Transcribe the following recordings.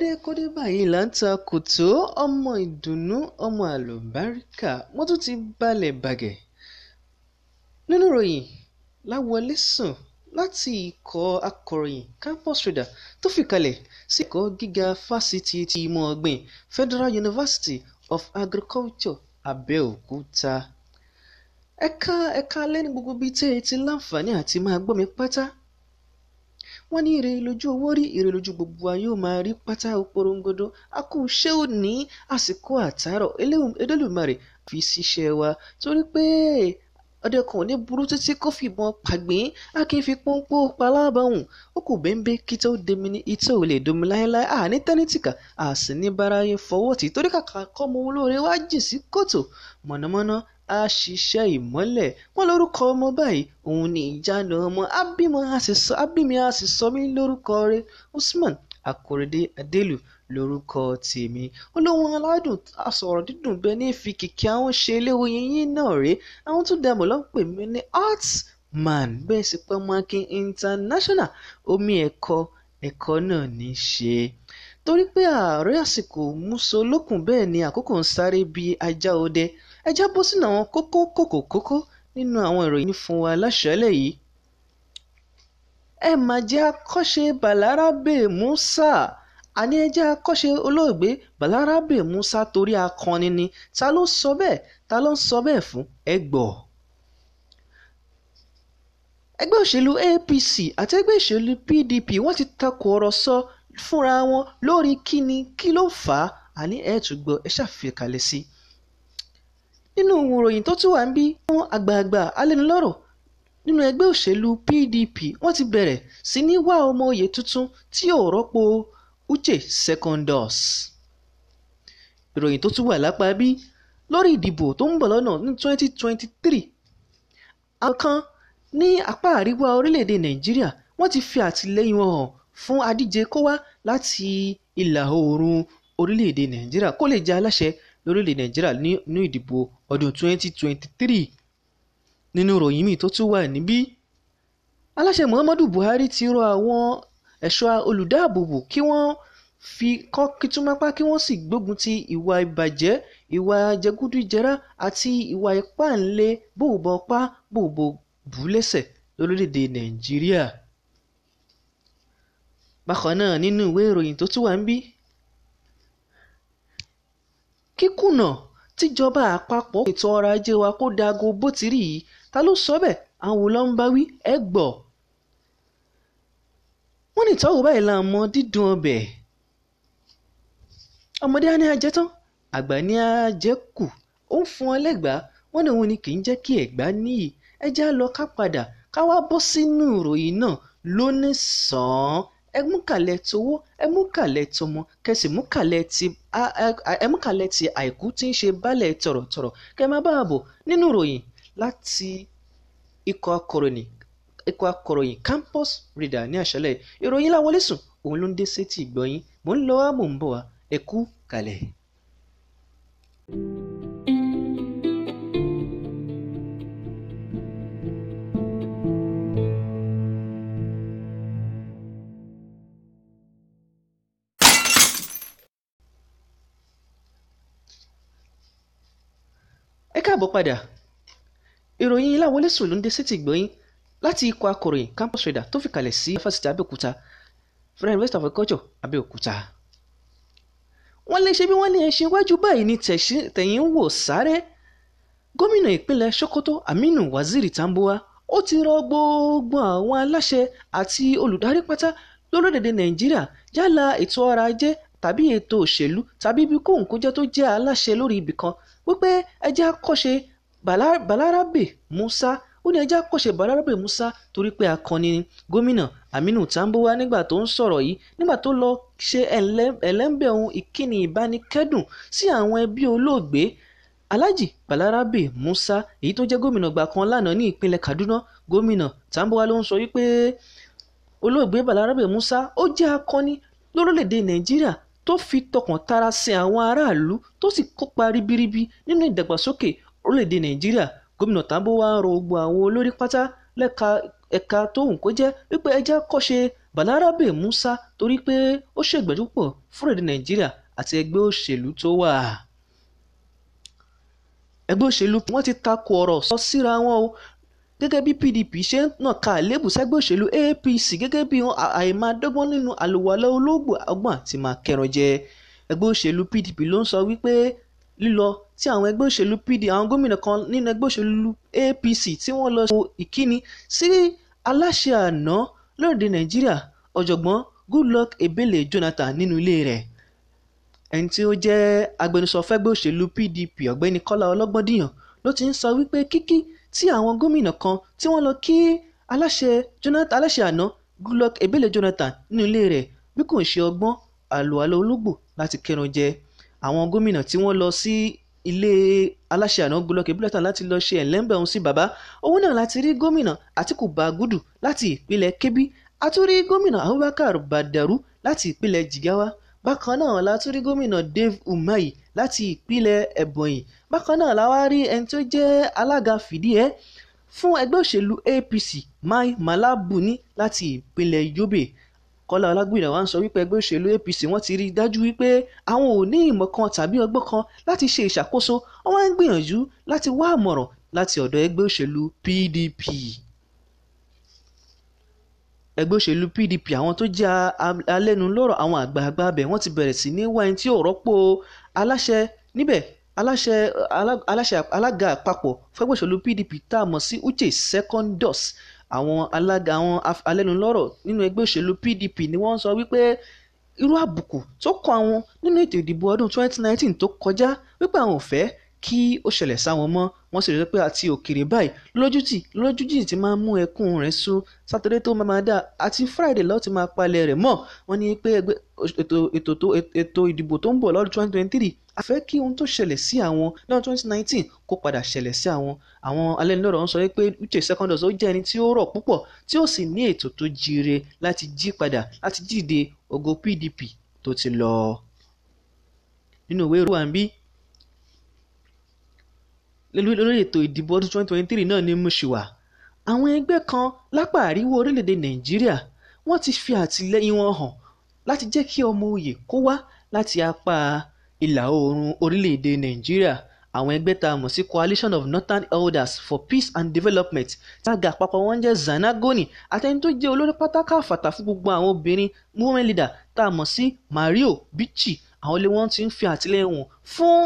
kódékódé báyìí là ń ta kòtó ọmọ ìdùnnú ọmọ àlùbáríkà wọ́n tún ti balẹ̀ bàgẹ́ nínú ìròyìn láwọlé sùn láti ikọ̀ akọ̀ròyìn campus radar tó fìkalẹ̀ sí ẹ̀kọ́ gíga fásitì ti ìmọ̀ ọ̀gbìn Federal University of Agriculture Abeokuta ẹ̀ka ẹ̀ka lẹ́ni gbogbo bíi tẹ́ ẹ ti láǹfààní àti máa gbọ́ mi pátá wọ́n ní ire lójú owó rí ire lójú gbogbo wa yóò máa rí pátá oporongodo a kò ṣé ò ní àsìkò àtàrọ̀ Elédùmarè fi ṣiṣẹ́ wa torí pé ọdẹ kan ò ní burú títí kó fìbọn pàgbín a kì í fi pọ́npọ́ palábọ̀hún ó kù bẹ́ńbẹ́ kí tó domi ní itó lè domi láéláé à ní tẹ́nítìkà à fọwọ́ tì torí kàkà kọ́ ọmọ olóore wá jìn sí kòtò mọ̀nàmọ́ná aṣiṣẹ́ ìmọ́lẹ̀ wọn lórúkọ ọmọ báyìí òun ni ìjánu ọmọ abímọ abímọ a sì sọ mí lórúkọ rẹ̀ Usman Akorede Adelu lórúkọ tèmi olóhùn aládùn asọ̀rọ̀ dídùn bẹ ní fi kìkì àwọn ṣe eléwo yìnyín náà rèé àwọn tún dẹmọ̀ ló ń pè mí ní art man bẹ́ẹ̀ sì pẹ́ mọ́ akin international omi ẹ̀kọ́ ẹ̀kọ́ náà ní ṣe torí pé ààrẹ àsìkò mú so lókun bẹ́ẹ̀ ni àkókò ń sáré bíi ajá ọdẹ ẹ já bọ́ sínú àwọn kókó kókó kókó nínú àwọn ìròyìn fún wa láṣálẹ̀ yìí. ẹ mà jẹ́ akọ́ṣe balarabe musa àní ẹ jẹ́ akọ́ṣe olóògbé balarabe musa torí akọni ni ta ló sọ bẹ́ẹ̀ ta ló ń sọ bẹ́ẹ̀ fún ẹ gbọ́ ẹgbẹ́ òṣèlú APC àti ẹgbẹ́ òṣèlú PDP wọ́n ti takò ọ̀rọ̀ sọ fúnra wọn lórí kíni kí ló fà á àní ẹ̀ ẹ ṣàfikalẹ̀ sí i nínú ìròyìn tó tún wà níbí àwọn àgbààgbà alẹ́nulọ́rọ̀ nínú ẹgbẹ́ òṣèlú pdp wọ́n ti bẹ̀rẹ̀ sí ní wá ọmọ òye tuntun tí yóò rọ́pò uche secondus ìròyìn tó tún wà lápá bí lórí ìdìbò tó ń bọ̀ lọ́nà ní 2023 àwọn kan ní apá àríwá orílẹ̀-èdè nàìjíríà wọ́n ti fi àtìlẹ́yìn wọn hàn fún adíje kó wá láti ìlà oòrùn orílẹ̀-èdè nàìjíríà kó lè jẹ́ aláṣẹ lórílẹ̀ nàìjíríà ní ìdìbò ọdún 2023 nínú ìròyìn míì tó tún wà níbí aláṣẹ muhammadu buhari ti rọ àwọn ẹ̀ṣọ́ olùdáàbòbò kí wọ́n fi kọ́ kìtúmápá kí wọ́n sì gbógun ti ìwà ìbàjẹ́ ìwà jẹgúdújẹrá àti ìwà ipá ńlẹ̀ bòbò pa bòbò bù lẹ́sẹ̀ lórílẹ̀‐èdè nàìjíríà bákan náà nínú ìwé ìròyìn tó tún wà níbí kíkùnà tíjọba àpapọ̀ ètò ọrọ̀ ajé wa kó dago bó ti rí yìí ta ló sọ bẹ́ẹ̀ àwọn ló ń bá wí ẹ gbọ́. wọ́n ní ìtọ́wò báyìí la mọ dídùn ọbẹ̀ ọmọdé á ní ajẹ́ tán àgbà ní ajẹ́ kù ó ń fún ọ lẹ́gbàá wọ́n ní òun ni kì í jẹ́ kí ẹ̀gbá níyì ẹjẹ́ á lọ ká padà ká wá bọ́ sínú ìròyìn náà lónìí sàn-án ẹ mú kàlẹ̀ towó ẹ mú kàlẹ̀ tọmọ kẹsì mú kàlẹ̀ ti ẹ mú kàlẹ̀ ti àìkú tí ń ṣe bálẹ̀ tọ̀rọ̀tọ̀rọ̀ kẹ máa bá àbọ̀ nínú ìròyìn láti ikọ̀ akọ̀ròyìn ikọ̀ akọ̀ròyìn campus reader ní àṣálẹ̀ ìròyìn láwọlé sùn òun ló ń dé sétí ìgbọ̀yìn mò ń lọ wá mò ń bọ̀ wá ẹ kàlẹ̀. thank you káàbọ̀ padà ìròyìn ilé àwọn onísùn ló ń dé sétí ìgbọ́yìn láti ikọ̀ akọ̀ròyìn campus radar tó fi kalẹ̀ sí fásitì abẹ́òkúta federal university of agriculture abẹ́òkúta. wọ́n lè ṣe bí wọ́n ní ẹṣin iwájú báyìí ní tẹ̀yìn wò sáré gómìnà ìpínlẹ̀ sokoto aminu waziri tambuwa ó ti rọ gbogbo àwọn aláṣẹ àti olùdarí pátá lórílẹ̀‐èdè nàìjíríà yálà ètò ọrọ̀ ajé tàbí ètò òṣèlú tàbí ibikóhùn kó jẹ́ tó jẹ́ aláṣẹ lórí ibì kan wípé ẹ jẹ́ balarabe musa ó ní ẹ jẹ́ balarabe musa torí pé akọni ni gómìnà aminu tambuwa nígbà tó ń sọ̀rọ̀ yìí nígbà tó lọ ṣe ẹlẹ́ńbẹ̀ ohun ìkíni ìbánikẹ́dùn sí àwọn ẹbí olóògbé alhaji balarabe musa èyí tó jẹ́ gómìnà gbà kan lánàá ní ìpínlẹ̀ kaduna gómìnà tambuwa ló ń sọ wípé olóògbé balarabe musa ó jẹ́ akọni lórílẹ̀‐èdè nàìjíríà tó fi tọkàntara sin àwọn aráàlú tó sì kópa ribiribi nínú ìdàgbàsókè orílẹ̀-èdè nàìjíríà gómìnà tambuwa rọ gbogbo àwọn olórí pátá lẹ́ka ẹ̀ka tóun kó jẹ́ wípé ẹjẹ́ kọ́ṣe balarabe musa torí pé ó ṣègbẹ́jú pọ̀ fúrèdè nàìjíríà àti ẹgbẹ́ òṣèlú tó wà. ẹgbẹ́ òṣèlú wọ́n ti takò ọ̀rọ̀ sọ síra wọn o gẹ́gẹ́ bí pdp ṣe ń nàka àléébù sẹ́gbẹ́ òṣèlú apc gẹ́gẹ́ bí àìmáadọ́gbọ́n nínú àlùwalá olóògbò ọgbọ́n àti máa kẹran jẹ ẹgbẹ́ òṣèlú pdp ló ń sọ wípé lílọ tí àwọn ẹgbẹ́ òṣèlú pd àwọn gómìnà kan nínú ẹgbẹ́ òṣèlú apc tí wọ́n lọ wo ìkíni sí aláṣẹ àná lóde nàìjíríà ọ̀jọ̀gbọ́n goodluck ebele jonathan nínú ilé rẹ̀ ẹni tí ó jẹ́ agbẹnusọ fẹ́gbẹ́ òṣèlú pdp ọ̀gbẹ́ni kọ́lá ọlọ́gbọ́ndìyàn ló ti ń sọ wípé kíkí tí àwọn gómìnà kan tí wọ́n lọ kí aláṣẹ àná goodluck ebele jonathan nínú ilé rẹ̀ bí kò ṣe ọgbọ́n àlùhàlà ológbò láti kẹran jẹ àwọn gómìnà tí wọ́n lọ sí ilé aláṣẹ àná goodluck ebele jonathan láti lọ ṣe ẹ̀lẹ́ńbẹ̀ ọ̀hún sí bàbá òun náà láti rí gómìnà àtìkù bàgùdù láti ìpínlẹ̀ kebbi a tún rí gómìnà abubakar badaru láti ìpínlẹ̀ jigawa Bákan náà la tún rí Gómìnà Dave Umahi láti ìpínlẹ̀ Ebonyi. Bákan náà la wá rí ẹni tó jẹ́ alága fìdíhe fún ẹgbẹ́ òṣèlú APC Mai malabuni Buni láti ìpínlẹ̀ Yobe. Kọ́lá Ọlágbìnrin wa ń sọ wípé ẹgbẹ́ òṣèlú APC wọ́n ti rí i dájú wípé àwọn ò ní ìmọ̀ kan tàbí ọgbọ́n kan láti ṣe ìṣàkóso wọ́n wá ń gbìyànjú láti wá àmọ̀ràn láti ọ̀dọ̀ ẹgbẹ́ òṣèlú PDP ẹgbẹ́ òṣèlú pdp àwọn tó jẹ́ alẹ́nulọ́rọ̀ àwọn àgbààgbà abẹ wọ́n ti bẹ̀rẹ̀ sí ní wá ẹni tí ò rọ́pò aláṣẹ níbẹ̀ aláṣẹ aláṣẹ alága àpapọ̀ fẹ́gbẹ́ òṣèlú pdp tá a mọ̀ sí uche secondus àwọn alága àwọn alẹ́nulọ́rọ̀ nínú ẹgbẹ́ òṣèlú pdp ni wọ́n sọ wípé irú àbùkù tó kọ àwọn nínú ètò ìdìbò ọdún 2019 tó kọjá wípé àwọn ò fẹ́ kí ó ṣẹlẹ̀ sáwọn mọ́ wọ́n sì rí i pé àti òkèèrè báyìí lójútì lójútì ti máa ń mú ẹkún rẹ̀ sú sátidé tó máa dá àti friday lọ́ọ́ ti máa palẹ̀ rẹ̀ mọ́ wọ́n ní pé ẹgbẹ́ ètò ìdìbò tó ń bọ̀ lọ́dún twenty twenty three a fẹ́ kí ohun tó ṣẹlẹ̀ sí àwọn lọ́dún twenty nineteen kó padà ṣẹlẹ̀ sí àwọn àwọn alẹ́nulọ́rọ̀ ń sọ pé uche secondus ó jẹ́ ẹni tí ó rọ̀ púpọ̀ tí ó sì ní ètò tó jíire láti jí padà láti jíde ògo pdp tó ti lọ nínú ìwé ìròyìn lórí ètò ìdìbò ọdún 2023 náà ní Mushiwa àwọn ẹgbẹ́ kan lápá àríwá orílẹ̀-èdè Nàìjíríà wọ́n ti fi àtìlẹ́yìn wọn hàn láti jẹ́ kí ọmọ oyè kó wá láti apá ìlà oòrùn orílẹ̀-èdè Nàìjíríà àwọn ẹgbẹ́ tá a mọ̀ sí coalition of northern elders for peace and development tága àpapọ̀ wọn jẹ́ zanagoni àtẹni tó jẹ́ olórí pátákà fàtà fún gbogbo àwọn obìnrin women leader tá a mọ̀ sí mario bichi àwọn ilé wọn ti ń fi àtìlẹ́yìn wọn fún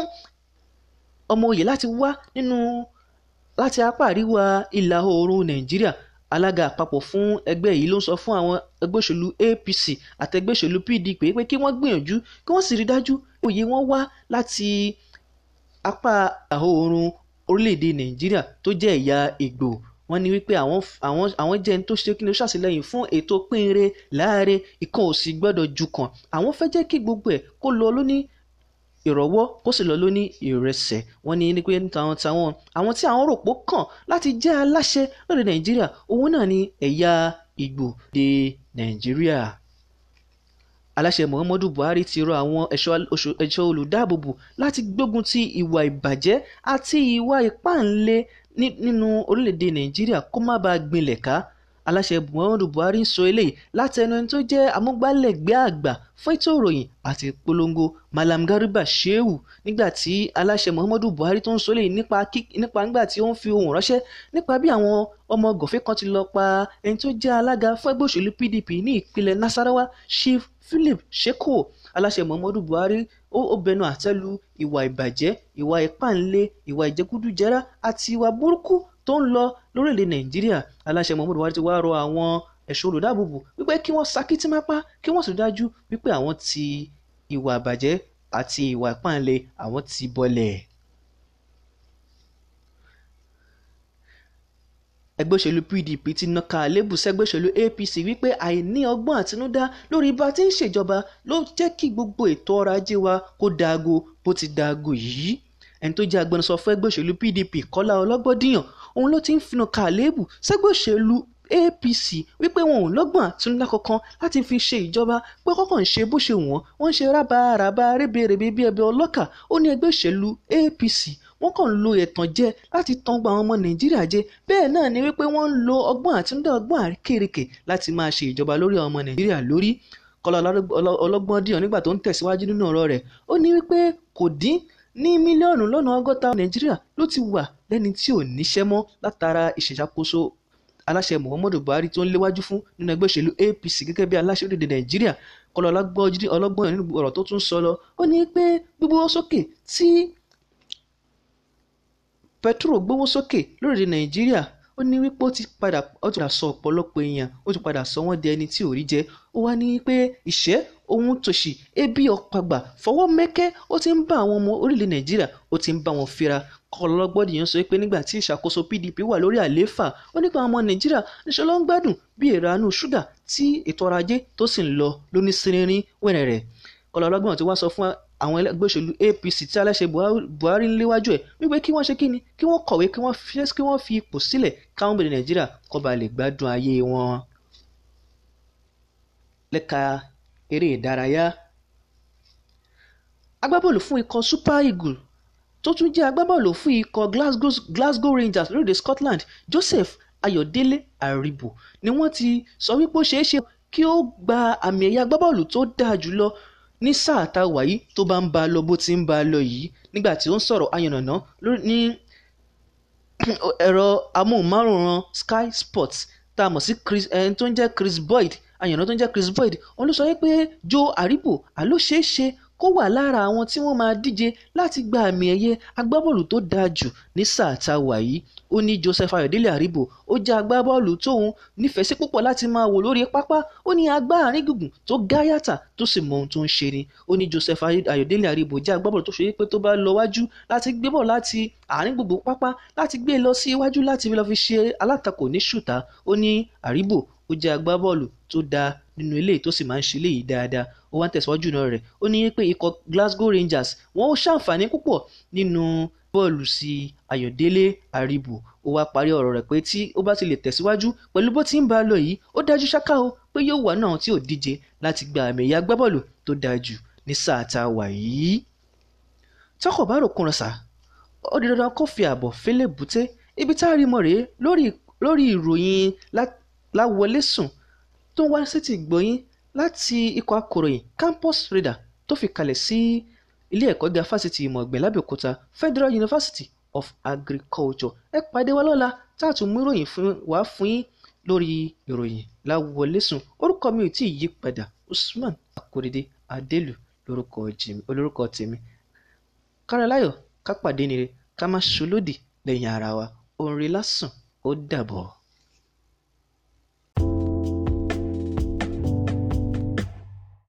ọmọ oyè láti wá nínú láti apá àríwá ìlà oòrùn nàìjíríà alága àpapọ̀ fún ẹgbẹ́ yìí ló ń sọ fún àwọn ẹgbẹ́ òṣèlú apc àtẹgbẹ́ òṣèlú pdp pé kí wọ́n gbìyànjú kí wọ́n sì rí dájú oyè wọn wá láti apá àhóòrùn orílẹ̀-èdè nàìjíríà tó jẹ́ ẹ̀yà ìgbò wọ́n ní wípé àwọn àwọn àwọn jẹ́ ní tó ṣe kí ni ó ṣàtìlẹ́yìn fún ètò pínre láàrin ìkan òsì gbọ́dọ̀ ju kan àwọn fẹ́ jẹ́ kí gbogbo ẹ̀ kó lọ lóní ìrọ̀wọ́ kó sì lọ lóní ìrẹsẹ̀ wọ́n ní pé táwọn táwọn àwọn tí àwọn ròpó kàn láti jẹ́ aláṣẹ lórí nàìjíríà òun náà ni ẹ̀yà ìgbò dé nàìjíríà aláṣẹ muhammadu buhari ti rọ àwọn ẹ̀ṣọ́ olùdáàbòbò láti gbógun ti ìwà ìbàjẹ́ àti ìwà ìpáǹle nínú orílẹ̀-èdè nàìjíríà kó má bàa gbilẹ̀ ká aláṣẹ muhammadu buhari ń sọ eléyìí látẹnu ẹni tó jẹ́ amúgbálẹ́gbẹ̀ẹ́ àgbà fún ètò ìròyìn àti ìpolongo malam garba shehu nígbà tí aláṣẹ muhammadu buhari tó ń sọ eléyìí nípa nígbà tí ó ń fi ohùn ránṣẹ́ nípa bí àwọn ọmọ gòfin kan ti lọ pa ẹni tó jẹ́ alága fún ẹgbẹ́ òṣèlú pdp ní ìpínlẹ̀ nasarawa chief philip sheko aláṣẹ muhammadu buhari ó bẹnu àtẹ́lu ìwà ìbàjẹ́ ìwà ìpáǹle ìwà ìjẹgúdújẹrá àti ìwà burúkú tó ń lọ lórílẹ̀ nàìjíríà aláṣẹ muhammadu buhari ti wá rọ àwọn ẹ̀ṣọ́ olùdáàbòbò wípé kí wọ́n sakiti mápá kí wọ́n sì dájú wípé àwọn ti ìwà àbàjẹ́ àti ìwà ìpáǹle àwọn ti bọlẹ̀. ẹgbẹ́ òṣèlú pdp ti nàka àlébù sẹ́gbẹ́ òṣèlú apc wípé àìní ọgbọ́n àtinúdá lórí bá a ti ń ṣèjọba ló jẹ́ kí gbogbo ètò ọrọ̀ ajé wa kó daago bó ti daago yìí ẹni tó jẹ́ agbẹnusọ fún ẹgbẹ́ òṣèlú pdp kọ́lá ọlọ́gbọ́díyàn òun ló ti ń finu ka àléébù òṣèlú APC wípé wọn ò lọ́gbọ̀n àtinúdá kankan láti fi ṣe ìjọba pé kọ́kọ́ ń ṣe bó ṣe wọ́n wọ́n ń ṣe rábàrábà rébèrèbè bí ẹbẹ ọlọ́kà ó ní ẹgbẹ́ òṣèlú APC wọ́n kàn ń lo ẹ̀tàn jẹ láti tàn gba àwọn ọmọ nàìjíríà jẹ bẹ́ẹ̀ náà ni wípé wọ́n ń lo ọgbọ́n àtinúdá ọgbọ́n àrékèrèkè láti máa ṣe ìjọba lórí ọmọ nàìjíríà lórí kọlá ọlọ́gbọ́n díẹ̀ nígbà tó ń tẹ̀síwájú nínú ọ̀rọ̀ rẹ̀ ó ní wípé kò dín ní mílíọ̀nù lọ́nà ọgọ́ta nàìjíríà ló ti wà lẹ́ni tí ò níṣẹ́ mọ́ látara ìṣèṣàkóso aláṣẹ muhammadu buhari tó ń léwájú fún nínú ẹgbẹ́ òṣèlú apc gẹ́gẹ́ bí aláṣẹ orílẹ̀-èdè nàìjíríà kọlọ ọlọ́gbọ́n nínú ọ̀rọ̀ tó tún sọ lọ ó ní pé gbígbówó sókè tí petro gbówó sókè lórílẹ̀ nàìjíríà ó ní wípé ó ti padà sọ ọ̀pọ̀lọpọ̀ èèyàn ó ti padà sọ wọ́n di ẹni tí ò rí jẹ ó wá ní pé ìṣẹ́ ohun tòṣì ebi ọ̀pàgbà fọwọ́ mẹ́kẹ́ ó ti ń bá àwọn ọmọ orílẹ̀ nàìjíríà ó ti ń bá wọn fira kọlọgbọdìyàn sọ pé nígbà tí ìṣàkóso pdp wà lórí àlééfà ó nípa ọmọ nàìjíríà níṣẹ́ ló ń gbádùn bí ìranú ṣúgà tí ètò ọrọ̀ ajé tó sì ń lọ ló ní sinrin wẹ̀rẹ̀ rẹ̀ kọlọlọgbọ̀n tí wọ́n sọ fún àwọn ẹgbẹ́ òṣèlú apc tí aláṣẹ buhari ń léwájú ẹ̀ wípé kí wọ́n ṣe kí ni kí wọ́n kọ̀wé kí wọ́n fi ipò sílẹ̀ káwọn bèrè nàìjíríà kó lè gbádùn ayé wọn lẹ́ka eré ìdárayá agbábọ́ọ̀lù fún ikọ̀ super eagles tó tún jẹ́ agbábọ́ọ̀lù fún ikọ̀ glasgow, glasgow rangers lórílẹ̀ scotland joseph ayọ̀délé àríbò ni wọ́n ti sọ wípé ó ṣeé ṣe kí ó gba àmì ẹ̀yà agbábọ́ọ̀lù tó dáa jùlọ ní sáà tá a wà yìí tó bá ń ba lọ bó ti ń ba lọ yìí nígbà tí ó ń sọ̀rọ̀ ayànnàná ní ẹ̀rọ amóhùnmáwòrán sky sports tá a mọ̀ sí ẹni tó ń jẹ́ chris boyd àyànná tó ń jẹ́ Chris Boyd òun ló sọ wípé Joe Aribo àló ṣeé ṣe kó wà lára àwọn tí wọ́n máa díje láti gba àmì ẹ̀yẹ agbábọ́ọ̀lù tó dáa jù ní sáà tá wà yìí ó ní Joseph Ayọ̀délé Àríbò ó jẹ́ agbábọ́ọ̀lù tóun nífẹ̀ẹ́ sí púpọ̀ láti máa wò lórí pápá ó ní agbá àárín gùngùn tó gáyàtà tó sì mọ ohun tó ń ṣe ni ó ní Joseph Ayọ̀délé Àríbò jẹ́ agbábọ́ọ̀lù tó ṣe pé tó bá lọ wájú láti gbé bọ́ọ̀lù láti àárín gbogbo pápá láti gbé e lọ sí iwájú láti lọ fi ṣe alátakò ní ṣùtá ó ní Àríbò ó jẹ́ agbábọ́ọ̀lù tó dáa nínú eléyìí tó sì máa ń ṣe eléyìí dáadáa ó wá ń tẹ̀síwájú náà rẹ̀ ó ní pé ikọ̀ Glasgow Rangers wọ́n ó ṣàǹfààní púpọ̀ nínú bọ́ọ̀lù sí Ayọ̀délé Àríbù ó wá parí ọ̀rọ̀ rẹ̀ pé tí ó bá ti lè tẹ̀síwájú pẹ̀lú bó ti ń bá lọ yìí ó dájú ṣáká o pé yóò wà náà tí ò díje láti gba àmì ẹ̀yà agbábọ́ọ̀lù tó dáa jù ní sáà tá a wà yìí. tọkọ bá rò kúnra sá ó di dandan kó fi ààbọ̀ fẹ́lẹ́ bùtẹ́ ibi tá a rí mọ̀ rèé lórí ìròyìn láwọlé sùn tó ń wá sétí gbòyìn láti ikọ̀ akọ̀ròyìn campus radar tó fìkàlẹ̀ sí ilé ẹ̀kọ́ gíga fásitì ìmọ̀ ọ̀gbìn lábẹ́òkúta federal university of agriculture ẹ pàdé wa lọ́la tá a tún mú ìròyìn wá fún yín lórí ìròyìn láwọlẹ́sùn orúkọ mi ò tí ì yí padà usman akorede adelu lórúkọ jèmi olórúkọ tèmi káraláyọ̀ ká pàdé nire ká má ṣolódì lẹ́yìn ara wa orin lásán ó dàbọ̀.